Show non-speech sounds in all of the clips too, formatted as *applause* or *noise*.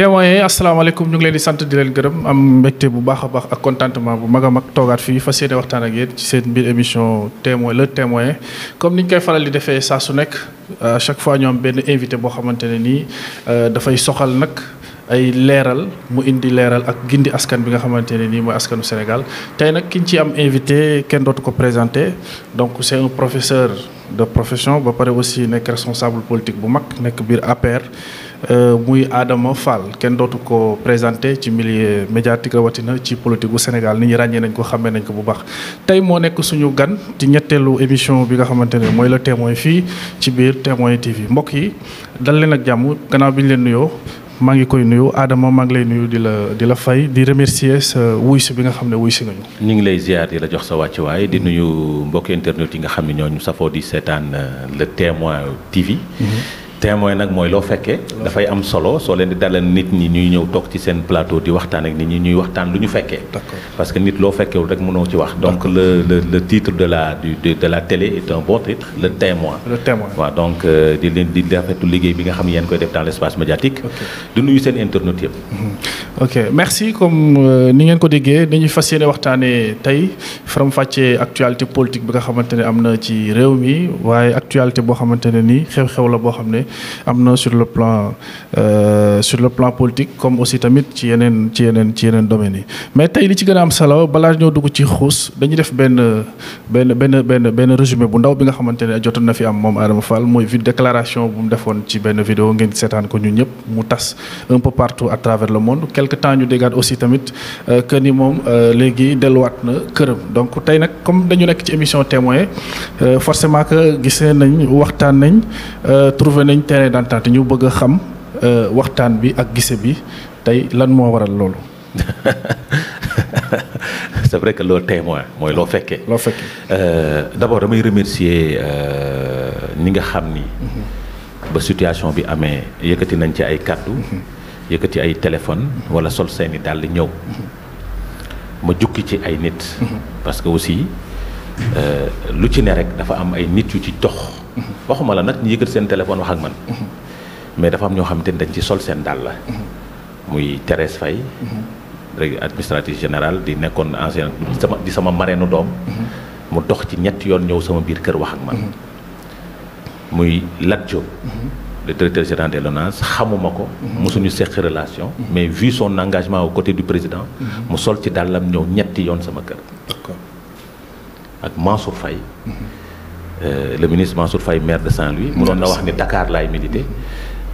témoins yi asalaamaaleykum ñu ngi leen di sant di leen gërëm am mbégte bu baax a baax ak contentement bu mag a mag toogaat fii fas yéene waxtaan ak yéen biir émission témoin le témoin comme ni ñu koy faral di defee saa su nekk chaque fois ñu benn invité boo xamante ne nii euh, dafay soxal nag ay leeral mu indi leeral ak gindi askan bi nga xamante ne nii mooy askanu Sénégal tey nag ki ñu ci am invité kenn dootu ko présenté donc c'est professeur de profession ba pare aussi nekk responsable politique bu mag nekk biir APR. Euh, muy aadama Fall kenn dootu ko présenté ci milieu médiatique rawatina ci politique bu Sénégal nit ñi ràññee nañ ko xamee nañ ko bu baax. tey moo nekk suñu gan ci ñetteelu émission bi nga xamante ne mooy le témoin fii ci biir témoin TV mbokk yi dal leen ak jàmm gannaaw bi ñu leen nuyoo. maa ngi koy nuyoo aadama maa ngi lay nuyu di la di la fay di remercier sa wuy si bi nga xam ne wuy si nga ñu. ñu ngi lay ziar di la jox sa wàccuwaay di nuyu mbokki internet yi nga xam ne ñooñu safoo di seetaan euh, le témoin TV. Mm-hmm. témoin nag mooy loo fekkee dafay am solo soo leen di dalal nit ñi ñuy ñëw toog ci seen plateau di waxtaan ak nit ñi ñuy waxtaan lu ñu fekkee parce que nit loo fekkee rek mënoo ci wax donc le le le titre de la de, la télé est un bon titre le témoin le témoin donc euh, di leen di rafetlu liggéey bi nga xam ne koy def dans l' espace médiatique du nuyu seen internautes yëpp mm-hmm. ok merci comme euh, ni ngeen ko déggee dañuy fas yéene waxtaanee tey faram-fàccee actualité politique bi nga xamante ne am na ci réew mi waaye actualité boo xamante ne nii xew la boo xam ne am na sur le plan euh, sur le plan politique comme aussi tamit ci yeneen ci yeneen ci yeneen domaines yi mais tey li ci gën a am solo balaa ñoo dugg ci xuus dañuy def benn benn benn benn benn résumé bu ndaw bi nga xamante ne jotoon na fi am moom Adama Fall mooy vide déclaration bu mu defoon ci benn vidéo ngeen seetaan ko ñun ñëpp mu tas un partout à travers le monde quelque temps ñu déggaat aussi tamit euh, que ni moom euh, léegi delluwaat na këram donc tey nag comme dañu nekk ci émission témoin forcément que gisee nañ waxtaan nañ trouvé duñ terrain ñu bëgg a xam euh, waxtaan bi ak gise bi tey lan moo waral loolu. *laughs* c'est vrai que loolu témoin mooy loo fekkee. loo fekkee euh, d'abord damay remercier ni euh, nga xam ni. Mm-hmm. ba situation bi amee yëkkati nañ ci ay kàddu. Mm-hmm. yëkkati ay téléphone wala sol seeni dàll ñëw. Mm-hmm. ma jukki ci ay nit. parce que aussi lu ci ne rek dafa am ay nit yu ci dox. waxuma la nag ñu yëkkat seen téléphone wax ak man mais dafa am ñoo xamante ni dañ ci sol seen dàll muy Thérèse Faye administratrice général di nekkoon ancien sama di sama marraine doom mu dox ci ñetti yoon ñëw sama biir kër wax ak man muy Lat le directeur général de l'ONAS xamuma ko mu suñu seq relation mais vu son engagement aux côté du président mu sol ci dàllam ñëw ñetti yoon sama kër ak Mansour Faye Euh, le ministre su Faye maire de Saint-Louis mënoon na wax ni Dakar laay militer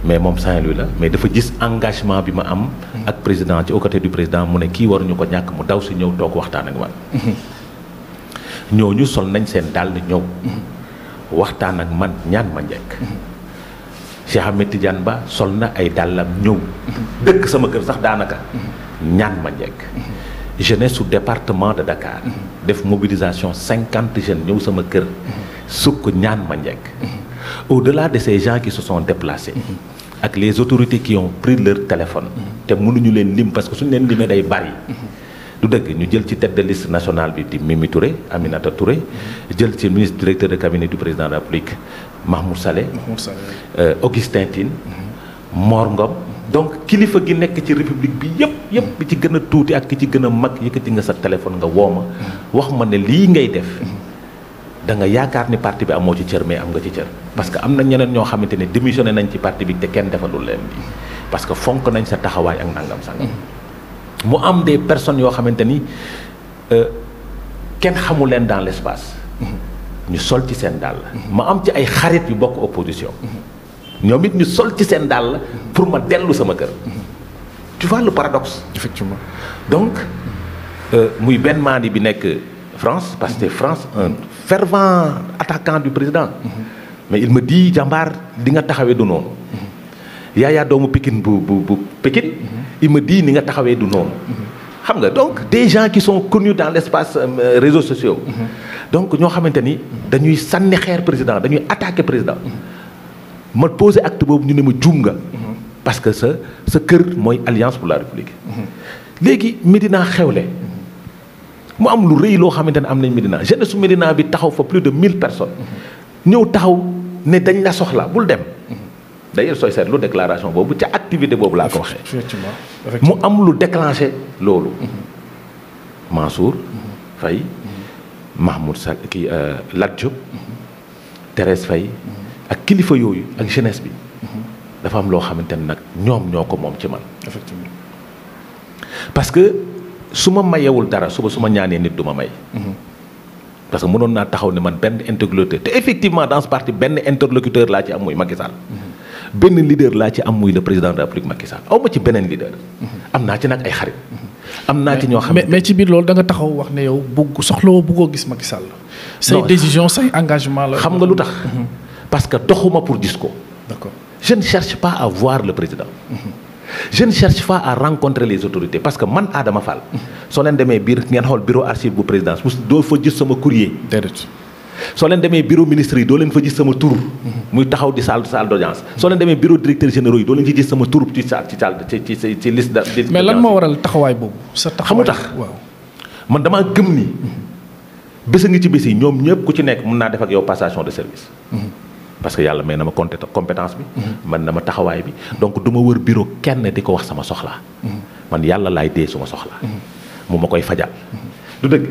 mais moom Saint-Louis la mais dafa gis engagement bi ma am ak président ci au côté du président mu ne kii waruñu ko ñàkk mu daw si ñëw toog waxtaan ak man ñooñu sol nañ seen dàll ñëw waxtaan ak man ñaan ma njekk Cheikh Ahmed Tidiane Ba sol na ay dàllam ñëw dëkk sama kër sax daanaka ñaan ma njekk jeunesse su département de Dakar. Mhm. def mobilisation cinquante jeunes ñëw sama kër. Mhm. sukk ñaan ma njekk. Mhm. au-delà de ces gens qui se sont déplacés. ak les autorités qui ont pris leur téléphone. te mënuñu leen lim parce que suñu leen limee day bari. du dëgg ñu jël ci tête de liste nationale bi di Mimi Touré Aminata Touré. jël ci ministre directeur de cabinet du président de la République Mahmoud Saleh. Mahmoud Saleh euh, Augustin donc kilifa gi nekk ci république bi yëpp yëpp bi ci gën a tuuti ak ki ci gën a mag yëkkati nga sa téléphone nga woo ma wax ma ne lii ngay def danga yaakaar ni parti bi amoo ci cër mais am nga ci cër parce que am na ñeneen ñoo xamante ne démissionné nañ ci parti bi te kenn defalul leen bi parce que fonk nañ sa taxawaay ak nangam sangam mu am des personnes yoo xamante ni euh, kenn xamu leen dans l' espace mmh. ñu sol ci seen dàll ma am ci ay xarit yu bokk opposition ñoom it ñu sol ci seen dàll pour ma dellu sama kër tu vois le effectivement donc euh, muy benn maani bi nekk France parce que France un fervent attaquant du président mais il ma di jàmbaar di nga taxawee du noonu yaayaa doomu Pikine bu bu bu Pikine il ma di ni nga taxawee du noonu xam nga donc des gens qui sont connus dans l'espace euh, réseaux sociaux mhm. donc ñoo xamante ni dañuy sànni xeer président dañuy attaquer président ma posé acte boobu ñu ne ma juum nga. Mhm. parce que sa sa kër mooy alliance pour la république. Mhm. léegi Médina xewle. Mhm. mu am lu rëy loo xamante ne am nañ Médina jeunesse su Médina bi taxaw fa plus de mille personnes. ñëw taxaw ne dañ la soxla bul dem. d'ailleurs sooy seetlu déclaration boobu ca activité boobu laa ko waxee. mu am lu déclenché loolu. Mansour. Faye Mahmoud Sall kii euh, Lat Diop. Thérèse ak kilifa yooyu ak jeunesse bi dafa am loo xamante ne nag ñoom ñoo ko moom ci man. effectivement parce que su ma mayewul dara suba suma ñaanee nit du ma may. Mhm. parce que mënoon naa taxaw ne man benn interlocuteur te effectivement dans ce parti benn interlocuteur laa ci am muy Macky Sall. Mhm. benn leader laa ci am muy le président de la République Macky Sall ci beneen leader. Mhm. am naa ci nag ay xarit. am naa ci ñoo xam ne mais ci biir loolu danga taxaw wax ne yow bëgg soxla buggoo gis Macky Sall. décision say engagement la. xam nga lu tax. parce que doxuma pour gis ko. d'accord je ne cherche pas à voir le président. Mhm. je ne cherche pas à rencontrer les autorités parce que man aadama Fall. Mhm. soo leen demee biir ngeen xool bureau archive bu présidence doo fa gis sama courrier. déedéet. soo leen demee bureau ministre yi doo leen fa gis sama tur. Mhm. muy taxaw di saal salle d'audience. soo leen demee bureau directeur généraux yi doo leen ci gis sama tur ci salle ci salle ci ci ci liste. mais lan moo waral taxawaay boobu. sa taxawaay xamu tax man damaa gëm ni. ñoom ñëpp ku ci nekk mën naa def ak yow passation de service. parce que yàlla may na ma compétence bi. Mm-hmm. man na ma taxawaay bi. donc du ma wër bureau kenn di ko wax sama soxla mm-hmm. man yàlla laay dee suma soxlaa. Mm-hmm. mu ma koy faja du dëgg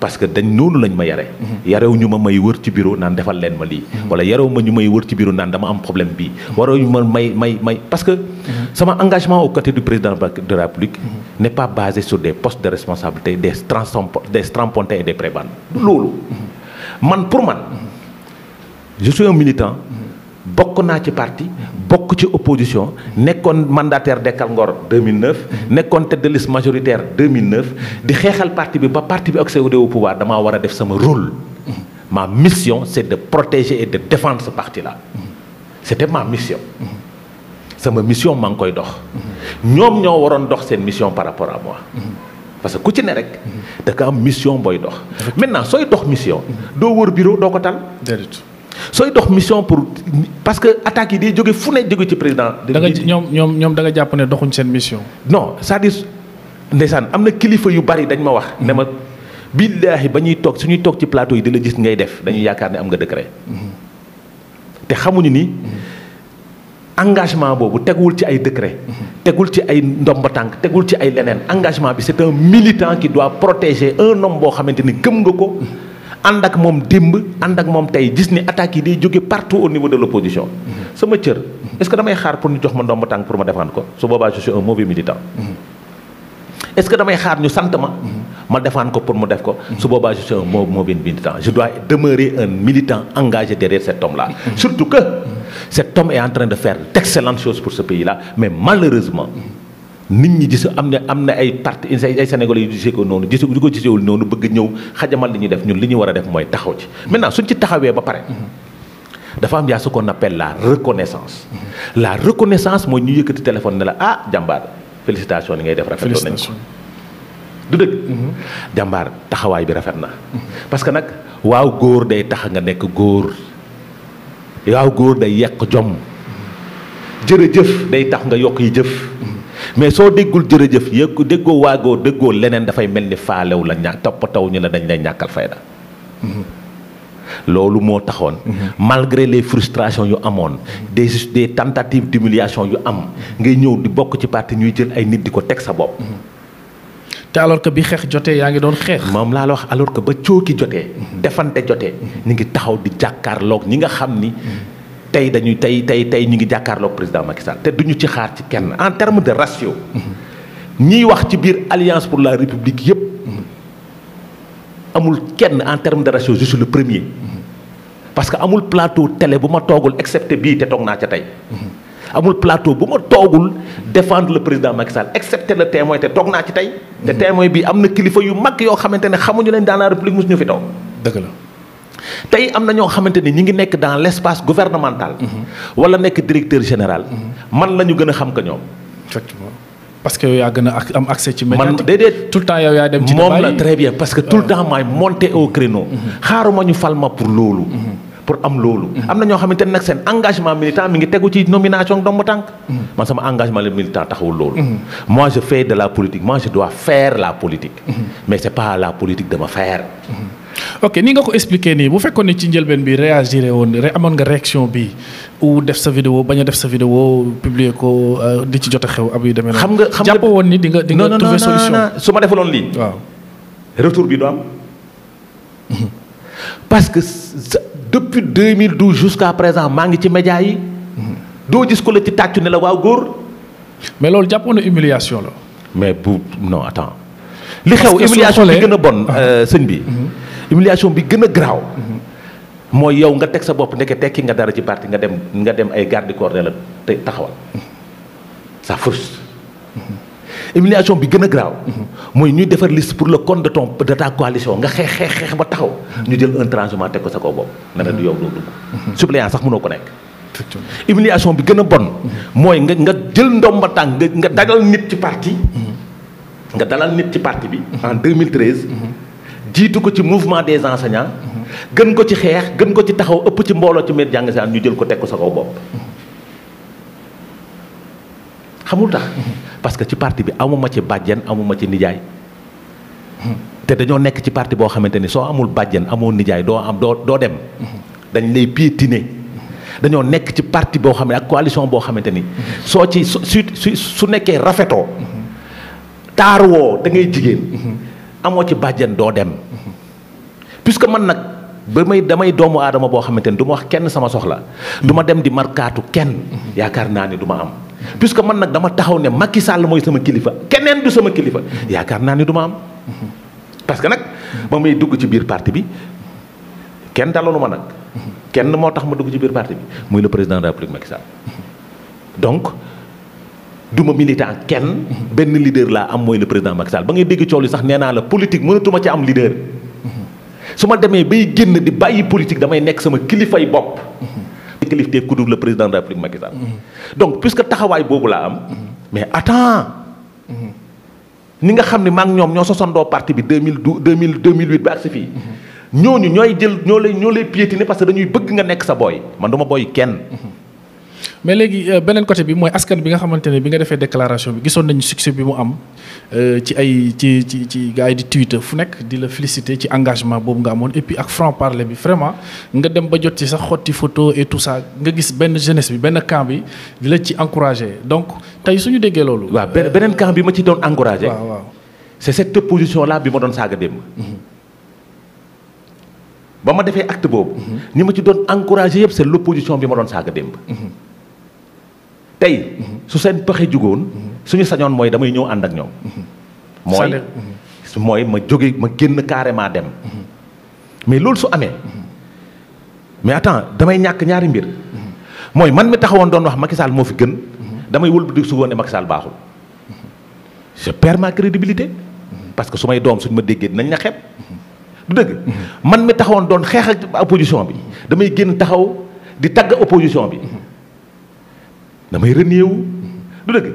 parce que dañ noonu lañ ma yare yarew ñu ma may wër ci bureau naan defal leen ma lii wala yarew ma ñu may wër ci bureau naan dama am problème bii warew ñu ma may may may parce que sama engagement au côté du président de la République n'est pas basé sur des postes de responsabilité des des strapontins et des prébendes loolu man je suis militant bokk naa ci parti bokk ci opposition nekkoon mandataire dekkal ngor 2009 nekkoon tête de liste majoritaire 2009 di xeexal parti bi ba parti bi accéder au pouvoir damaa war a def sama rôle ma mission c'est de protéger et de défendre ce parti là c'était ma mission sama mission maa ngi koy dox ñoom ñoo waroon dox seen mission par rapport à moi parce que ku ci ne rek da am mission booy dox maintenant sooy dox mission doo wër doo ko tal sooy dox mission pour parce que attaques yi day jóge fu ne jóge ci président. da ñoom ñoom ñoom da jàpp ne doxuñ seen mission. non c'est-à-dire ndeysaan am na kilifa yu bari dañ ma wax. ne ma billaahi ba ñuy toog suñuy toog ci plateau yi di la gis ngay def dañuy yaakaar ne am nga décret. Mm-hmm. te xamuñu ni. Mm-hmm. engagement boobu tegul ci ay décret mm-hmm. tegul ci ay ndomba tànk tegul ci ay leneen engagement bi c'est un militant qui doit protéger un homme boo xamante ni gëm nga ko. ànd ak moom dimb ànd ak moom tey gis ni attaques yi day jóge partout au niveau de l' opposition. Mm-hmm. sama cër est ce que damay xaar pour ñu jox ma ndomb tànk pour ma défendre ko su boobaa je suis un mauvais militant. Mm-hmm. est ce que damay xaar ñu sant ma. Mm-hmm. ma defaan ko pour mu def ko. su boobaa je suis un mauvais militant je dois demeurer un militant engagé cet homme là. surtout que cet homme est en train de faire d' excellentes choses pour ce pays là mais malheureusement. nit ñi gis am na am na ay parti ay sénégalais yu gisee ko noonu gisee di ko gisewul noonu bëgg ñëw xajamal li ñuy def ñun li ñu war a def mooy taxaw ci maintenant suñ ci taxawee ba pare dafa am yaa ce qu'on appelle la reconnaissance mm-hmm. la reconnaissance mooy ñu yëkkati téléphone ne la ah jàmbaar félicitation li ngay def rafetlu nañ ko du dëgg mm-hmm. jàmbaar taxawaay bi rafet na mm-hmm. parce que nag waaw góor day tax nga nekk góor waaw góor day yàq jom jërëjëf day tax nga yokk yi jëf mais soo déggul jërëjëf yëg déggoo waagoo déggoo leneen dafay mel ni faalew la ña toppataw ñu la dañ lay ñàkkal fayda loolu moo taxoon malgré les frustrations yu amoon des des tentatives d'humiliation yu am ngay ñëw di bokk ci parti ñuy jël ay nit di ko teg sa bopp te alors que bi xeex jotee yaa ngi doon xeex moom laa la wax alors que ba cooki jotee defante jotee ñu ngi taxaw di jàkkaarloog ñi nga xam ni tey dañuy tey tey tey ñu ngi jàkkaarloog président Macky te duñu ci xaar ci kenn en terme de ratio. ñiy wax ci biir alliance pour la république yëpp. amul kenn en terme de ratio je le premier. parce que amul plateau télé bu ma toogul excepté bii te toog naa ca tey. amul plateau bu ma toogul défendre le président Macky Sall excepté le témoin te toog naa ci tey. te témoin bi am na kilifa yu mag yoo xamante ne xamuñu leen dans la république mosu ñu fi toog. dëgg la. tey am na ñoo xamante ni ñu ngi nekk dans l' espace gouvernemental. Mhm. wala nekk directeur général. Mhm. man la ñu gën a xam que ñoom. parce que yow yaa gën a am accès ci média. man moom la très bien parce que tout le euh, temps maay monter au créneau. Mhm. xaaruma ñu fal pour loolu. pour am loolu. am na ñoo xamante ni nag seen engagement militant mi ngi tegu ci nomination domb tànk. man sama engagement le militant taxawul loolu. moi je fais de la politique moi je la politique. mais c' pas la politique dama faire. ok ni nga ko expliqué nii bu fekkoon ne ci njëlbeen bi réagiré woon amoon nga réaction bi ou def sa vidéo bañ a def sa vidéo publier ko euh, di ci jot a xew ab yu demee xam nga xam nga jàpp woon ni di nga di nga trouver solution su ma defaloon lii waaw retour bi du am parce que depuis 2012 jusqu'à présent maa ci média doo gis ko la ci tàccu ne la waaw góor mais loolu jàppoon na humiliation la mais bu non attends li xew humiliation bi gën a bon ah. euh, sëñ bi mm-hmm. humiliation bi gën a garaaw mooy yow nga teg sa bopp ndeke tekki nga dara ci parti nga dem nga dem ay garde corps la te taxawal ça frustre humiliation bi gën a graaw mooy ñuy defar liste pour le compte de ton de ta coalition nga xeex xeex xeex ba taxaw ñu jël un transhumant teg ko sa koo bopp na ne du yow doo dugg sax munoo ko nekk humiliation bi gën a bon mooy nga nga jël ndomba tànk nga nga dalal nit ci parti nga dalal nit ci parti bi en jiitu ko ci mouvement des enseignants gën ko ci xeex gën ko ci taxaw ëpp ci mbooloo ci met jàng si ñu jël ko teg ko sa kaw bopp tax parce que ci parti bi amuma ci bàjjen amuma ci nijaay te dañoo nekk ci parti boo xamante ni soo amul bàjjen amoo nijaay doo am doo doo dem dañ lay piétiner dañoo nekk ci parti boo xam ne ak coalition boo xamante ni soo ci su su su nekkee rafetoo taaruwoo da ngay jigéen amoo ci bàjjen doo dem que man nag ba may damay doomu aadama boo xamante ni du ma wax kenn sama soxla mm. du ma dem di markaatu kenn yaakaar naa ne du ma am que man nag dama taxaw ne Macky Sall mooy sama kilifa keneen sama kilifa mm-hmm. yaakaar naa ne du am mm-hmm. parce que nag ba may dugg ci biir parti bi kenn dalalu ma nag mm-hmm. kenn moo tax ma dugg ci biir parti bi muy la président de la République donc duma militant kenn benn leader laa am mooy le président Macky Sall ba ngay dégg coow sax nee naa la politique mënatuma ci am leader su ma demee bay génn di bàyyi politique damay nekk sama kilifay bopp. kilifte ku dul le président de la République Macky Sall. donc taxawaay boobu laa am. mais attends. ni nga xam ni maa ngi ñoom ñoo sosandoo parti bi deux mille dou deux mille deux mille huit ba ak si fii. ñooñu ñooy jël ñoo lay ñoo lay piétiner parce que dañuy bëgg nga nekk sa booy man duma booy kenn. mais léegi euh, beneen côté bi mooy askan bi nga xamante ne bi nga defee déclaration bi gisoon nañu succès bi mu am euh, ci ay ci ci ci gars yi di Twitter fu nekk di la féliciter ci engagement boobu nga amoon et puis ak franc bi vraiment nga dem ba jot ci sax xotti photo et tout ça nga gis benn jeunesse bi benn camp bi di la ci encourager donc tey suñu déggee loolu. waaw beneen camp bi ma ci doon encourager. waaw waaw c'est cette position là bi ma doon saaga démb. Mm-hmm. ba ma defee acte boobu. Mm-hmm. ni ma ci doon encourager yëpp c'est l'opposition bi ma doon saaga démb. Mm-hmm. tey su seen pexe jugoon mhm. suñu sañoon mooy damay ñëw ànd ak ñoom. Mhm. mooy mhm. mooy ma jóge ma génn carrément dem. mais loolu su amee mais attends damay ñàkk ñaari mbir mooy man mi taxawoon doon wax Macky moo fi gën damay wëlbati su woon ne Macky Sall baaxul je perds ma crédibilité parce que su may doom suñ ma déggee dinañ na xeeb du dëgg man mi taxawoon doon xeex ak opposition bi damay génn taxaw di tagg opposition bi damay renier wu du dëgg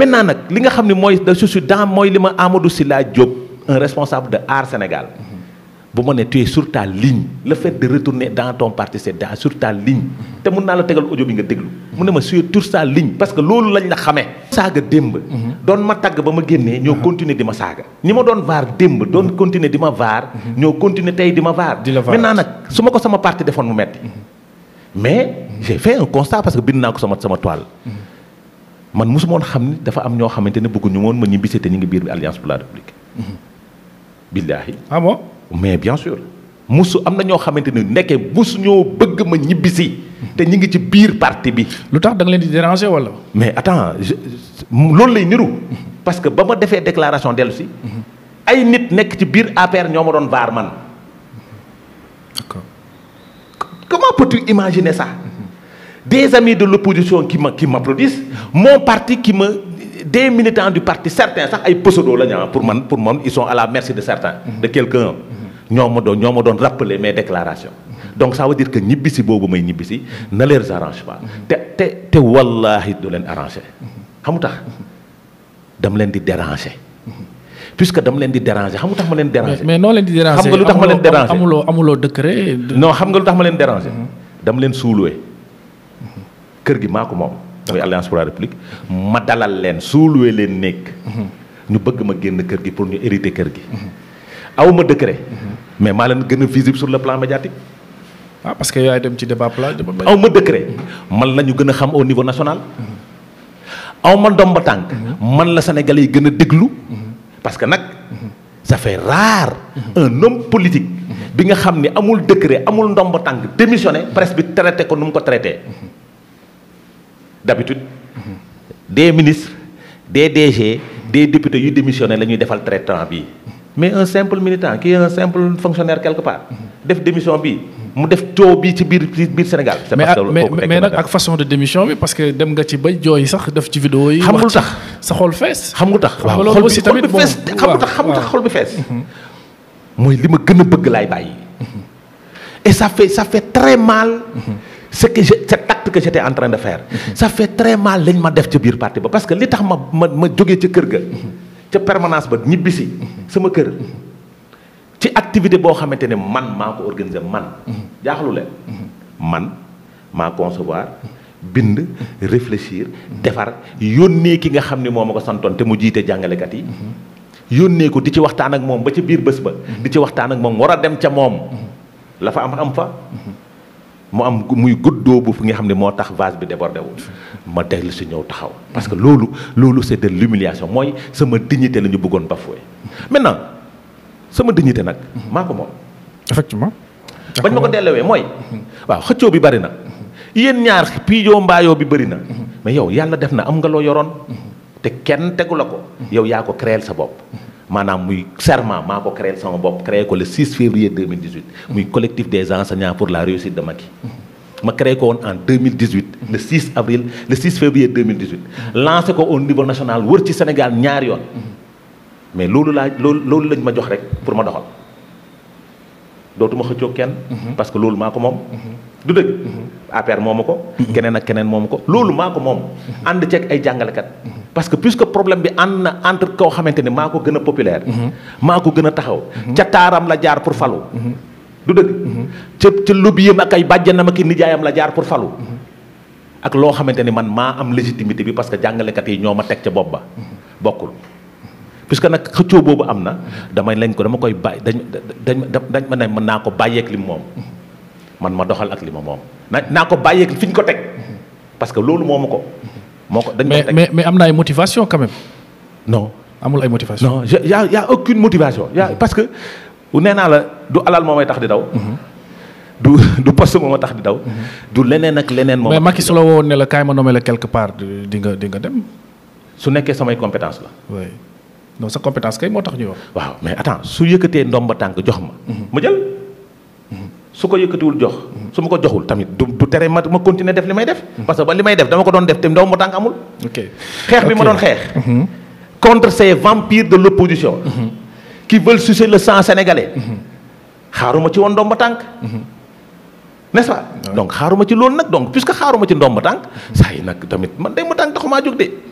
maintenant nag li nga xam ne mooy je suis dans mooy li ma Amadou Sylla Diop un responsable de Aar Sénégal bu ma ne tu es sur ta ligne le fait de retourner dans ton parti c'est dans ligne te mun naa la tegal ojo bi nga déglu mu ne ma sur sur sa ligne parce que loolu lañ la xamee saaga démb doon ma tagg ba ma génnee ñoo continuer di ma saaga ñi ma doon vaar démb doon continuer di ma vaar ñoo continuer tey di ma vaar naa nag su ma ko sama parti defoon mu metti mais j'ai fait un parce que bind naa ko sama sama toile. man mosuma woon xam ni dafa am ñoo xamante ne ñu woon ma ñibbisee te ñu ngi biir bi alliance pour la république. billaahi. ah mais bien sûr. musu am na ñoo xamante ni nekkee musu ñoo bëgg ma ñibbisi. te ñu ngi ci biir parti bi. lu tax da leen di déranger wala. mais attends loolu lay niru. parce que ba ma defee déclaration dellu si. Mhm. ay nit nekk ci biir APR ñoo ma doon vaar man. Comment peux-tu imaginer ça Des amis de l'opposition qui m'applaudissent, mon parti qui me des militants du parti certains sax ay posodo la ñu ah, pour man pour man ils sont à la merci de certains de quelqu'un ñoo ma doon ñoo ma doon rappeler mes déclarations donc ça veut dire ñibbisi boobu may ñibbisi ne les arrange pas te te te wallaahi du leen arranger xamu tax dam leen di déranger puisque dama leen di déranger xam nga lu tax ma leen déranger. mais noo leen di déranger xam nga lu tax ma leen déranger amuloo amuloo décret. non leen déranger. Mm-hmm. dama leen suuluwee kër gi maa ko moom. muy alliance ma dalal leen suuluwe leen nekk. Mm-hmm. ñu bëgg ma génn kër gi pour ñu hériter kër gi. Mm-hmm. aw ma décret. mais maa leen gën a visible le plan médiatique. ah parce que yaay dem ci débat plat aw ma man la ñu gën a xam au niveau national. aw ma ndomba tànk man la Sénégalais yi gën a déglu. parce que nag ça fait rare un homme politique bi nga xam ni amul décret amul ndomb tànk démissionné presse bi traité ko nu mu ko traité d'habitude des ministre des DG des députés yu démissionné lañuy defal defal traitement bii mais un simple militant qui est un simple fonctionnaire quelque part def démission bii mu def taux bii ci biir biir Sénégal. mais mais nag ak façon de démission bi parce que dem nga ci ba jooy sax def ci vidéo yi. xam nga lu tax sa xol fees. xam nga lu tax waaw xol bi xol bi fees xam nga tax xam nga bi mooy li ma gën a bëgg laay bàyyi. Mhm. et ça fait ça fait très mal. Mhm. ce que je que j'étais en de faire. Mhm. ça fait très mal lañ ma def ca biir parti ba parce que li tax ma ma ma jógee ca kër ga. ca permanence ba ñibbisi sama kër. ci activité boo xamante ne man maa ko organiser man. Mhm. jaaxlu leen. Mhm. man maa concevoir mhm. bind réfléchir defar yónnee ki nga xam ne moo ma ko te mu jiite jàngalekat yi. yónnee ko di ci waxtaan ak moom ba ci biir bës ba. di ci waxtaan ak moom war a dem ca moom. la fa am am fa. mu am muy guddoo bu fi nga xam ne moo tax vase bi débordé wul ma dellu si ñëw taxaw parce que loolu loolu c'est de mooy sama dignité la ñu bëggoon bafoué maintenant. sama dignité nag maa ko moom. effectivement. bañ ma ko delloowee mooy. waaw xëccoo bi bari na. yéen ñaar piijoo mbaayoo bi bëri na. mais yow yàlla def na am nga loo yoroon. te kenn tegu la ko. yow yaa ko créel sa bopp. maanaam muy serment maa ko créel sama bopp créé ko le 6 février 2018. muy collectif des enseignants pour la réussite de Macky. ma créé ko woon en 2018. le 6 avril le 6 février 2018. lancé ko au niveau national wër ci Sénégal ñaari yoon. mais loolu laa loolu loolu lañ ma jox rek pour ma doxal dootuma xëccoo kenn. Mhm. parce que loolu maa ko moom. Mhm. du dëgg. Mhm. APR moomu ko. keneen ak keneen moomu ko loolu maa ko moom. ànd ceeg ay jàngalekat. parce que puisque problème bi ànd na entre koo xamante ni maa ko gën a populaire. maa ko gën a taxaw. ca taaram la jaar pour falu. du dëgg. ca ca lobbyam ak ay bàjjanam ak i nijaayam la jaar pour falu. ak loo xamante ni man maa am légitimité bi parce que jàngalekat yi ñoo ma teg ca bopp ba bokkul. que nag xëccoo boobu am na damay lañ ko dama koy bàyyi dañ dañ dañ ma ne mën naa ko bàyyeek li moom man ma doxal ak li ma moom na naa ko bàyyeek fi ñu ko teg parce que loolu moomu ko moo ko dañ ko teg mais am na ay motivation quand non amul ay motivation a y a aucune motivation y a mm-hmm. parce naa la du alal moomay tax di daw mm-hmm. du du poste moom a tax di daw. Mm-hmm. du leneen ak leneen. moom mais Macky su la woo ne la kaay ma nommé la quelque part di nga di nga dem. su nekkee samay compétence la. non sa compétence kay moo tax ñuy wax. waaw mais attends su yëkkatee ndomba tànk jox ma. ma jël su ko yëkkatiwul jox. su ma ko joxul tamit du du tere ma ma continuer def li may def. parce que ba li may def dama ko doon def te ndomba tànk amul. xeex bi ma doon xeex. Mhm. contre ces vampires de l'opposition. Mhm. qui veulent sucer le sang sénégalais. Mhm. xaaruma ci woon ndomba tànk. n'est-ce pas donc xaaruma ci loolu nag donc puisque xaaruma ci ndomba tànk saa yi nag tamit man day ma tànk taxumaa jóg de